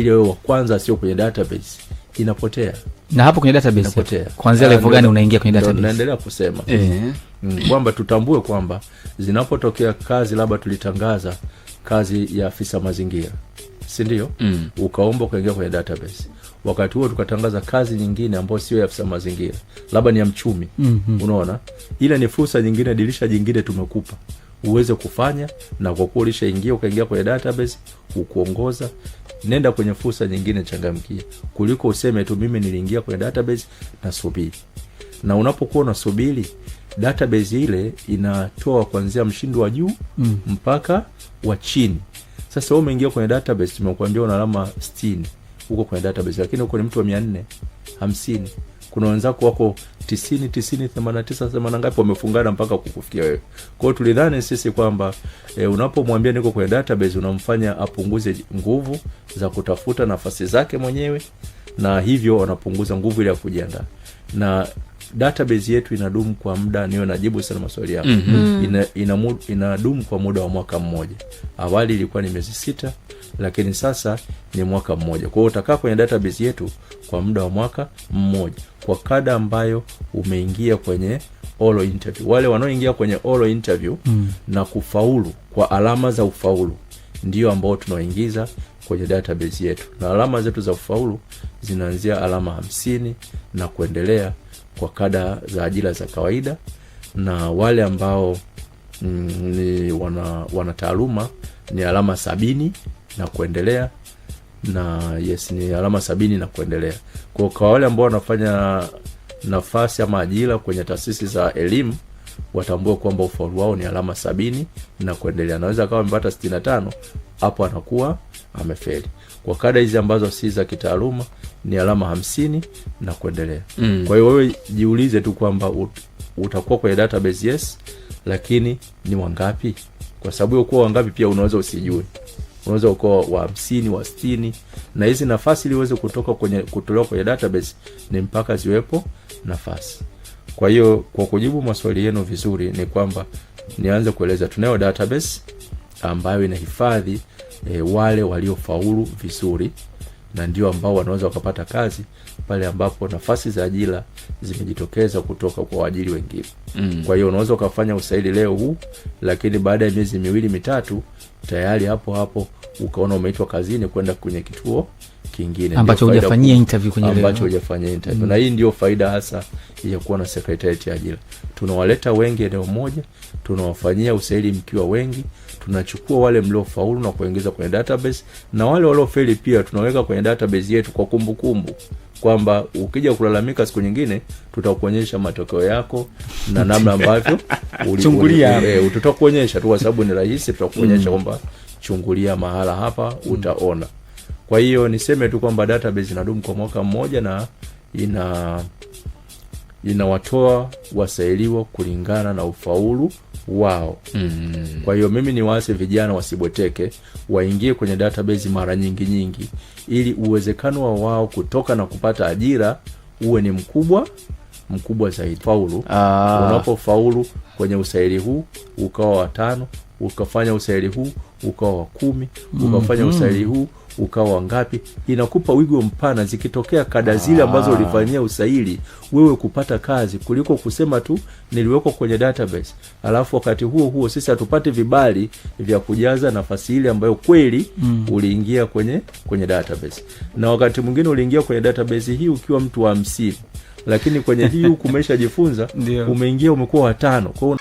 ili wewe wa kwanza, sio kwenye database, inapotea na hapo kwenye database inapotea. Kuanzia level ah, gani unaingia kwenye database? Naendelea kusema kwamba eh. mm, kwamba tutambue kwamba zinapotokea kazi labda tulitangaza kazi ya afisa mazingira, si ndio? mm. ukaomba kuingia kwenye database wakati huo tukatangaza kazi nyingine ambayo sio ya afisa mazingira, labda ni ya mchumi. mm -hmm. Unaona, ile ni fursa nyingine, dirisha jingine tumekupa uweze kufanya, na kwa kuwa ulishaingia ukaingia kwenye database ukuongoza nenda kwenye fursa nyingine, changamkia, kuliko useme tu mimi niliingia kwenye database subiri Na unapokuwa unasubiri, database ile inatoa kuanzia mshindi wa juu mm. mpaka wa chini. Sasa wewe umeingia kwenye database, tumekuambia una alama 60 huko kwenye database, lakini huko ni mtu wa 450 kuna wenzako wako tisini tisini themana tisa themana ngapi wamefungana mpaka kukufikia wewe kwao tulidhani sisi kwamba e, unapomwambia niko kwenye database unamfanya apunguze nguvu za kutafuta nafasi zake mwenyewe na hivyo wanapunguza nguvu ile ya kujiandaa na database yetu inadumu kwa muda niyo najibu sana maswali yako mm-hmm. inadumu ina, ina, kwa muda wa mwaka mmoja awali ilikuwa ni miezi sita lakini sasa ni mwaka mmoja. Kwa hiyo utakaa kwenye database yetu kwa muda wa mwaka mmoja kwa kada ambayo umeingia kwenye all interview. Wale wanaoingia kwenye all interview mm. na kufaulu kwa alama za ufaulu ndio ambao tunaoingiza kwenye database yetu, na alama zetu za ufaulu zinaanzia alama hamsini na kuendelea kwa kada za ajira za kawaida, na wale ambao mm, ni wana, wana taaluma ni alama sabini na kuendelea na yes ni alama sabini na kuendelea. Kwa kwa wale ambao wanafanya nafasi ama ajira kwenye taasisi za elimu watambue kwamba ufaulu wao ni alama sabini na kuendelea. naweza akawa amepata sitini na tano, hapo anakuwa ameferi Kwa kada hizi ambazo si za kitaaluma ni alama hamsini na kuendelea. Mm. Kwa hiyo wewe jiulize tu kwamba utakuwa kwenye database yes, lakini ni wangapi? Kwa sababu hiyo kuwa wangapi pia unaweza usijue unaweza ukawa wa hamsini wa stini na hizi nafasi ili uweze kutoka kwenye kutolewa kwenye database ni mpaka ziwepo nafasi. Kwa hiyo kwa kujibu maswali yenu vizuri, ni kwamba nianze kueleza, tunayo database ambayo inahifadhi e, wale waliofaulu vizuri na ndio ambao wanaweza wakapata kazi pale ambapo nafasi za ajira zimejitokeza kutoka kwa waajiri wengine. Mm. Kwa hiyo unaweza ukafanya usaili leo huu, lakini baada ya miezi miwili mitatu tayari hapo hapo ukaona umeitwa kazini kwenda kwenye kituo kingine ambacho hujafanyia interview kwenye ambacho hujafanyia interview mm. Na hii ndio faida hasa ya kuwa na ya ajira. Tunawaleta wengi eneo moja, tunawafanyia usaili mkiwa wengi, tunachukua wale mliofaulu na kuingiza kwenye database, na wale waliofeli pia tunaweka kwenye database yetu kwa kumbukumbu kwamba ukija kulalamika siku nyingine tutakuonyesha matokeo yako na namna ambavyo tutakuonyesha eh, tu, kwa sababu ni rahisi, tutakuonyesha mm. kwamba mm chungulia mahala hapa hmm. utaona. Kwa hiyo niseme tu kwamba database inadumu kwa mwaka mmoja na ina inawatoa wasailiwa kulingana na ufaulu wao. Mm. Kwa hiyo mimi ni vijana wasibweteke, waingie kwenye database mara nyingi nyingi, ili uwezekano wa wao kutoka na kupata ajira uwe ni mkubwa mkubwa zaidi. Faulu unapofaulu ah. kwenye usaili huu ukawa watano ukafanya usaili huu ukawa wa kumi mhm. ukafanya mm -hmm. usaili huu ukawa wangapi inakupa wigo mpana. Zikitokea kada zile ambazo ah. ulifanyia usaili wewe kupata kazi, kuliko kusema tu niliwekwa kwenye database, alafu wakati huo huo sisi hatupate vibali vya kujaza nafasi ile ambayo kweli mm. uliingia kwenye kwenye database, na wakati mwingine uliingia kwenye database hii ukiwa mtu wa hamsini, lakini kwenye hii huku umeshajifunza umeingia umekuwa watano kwao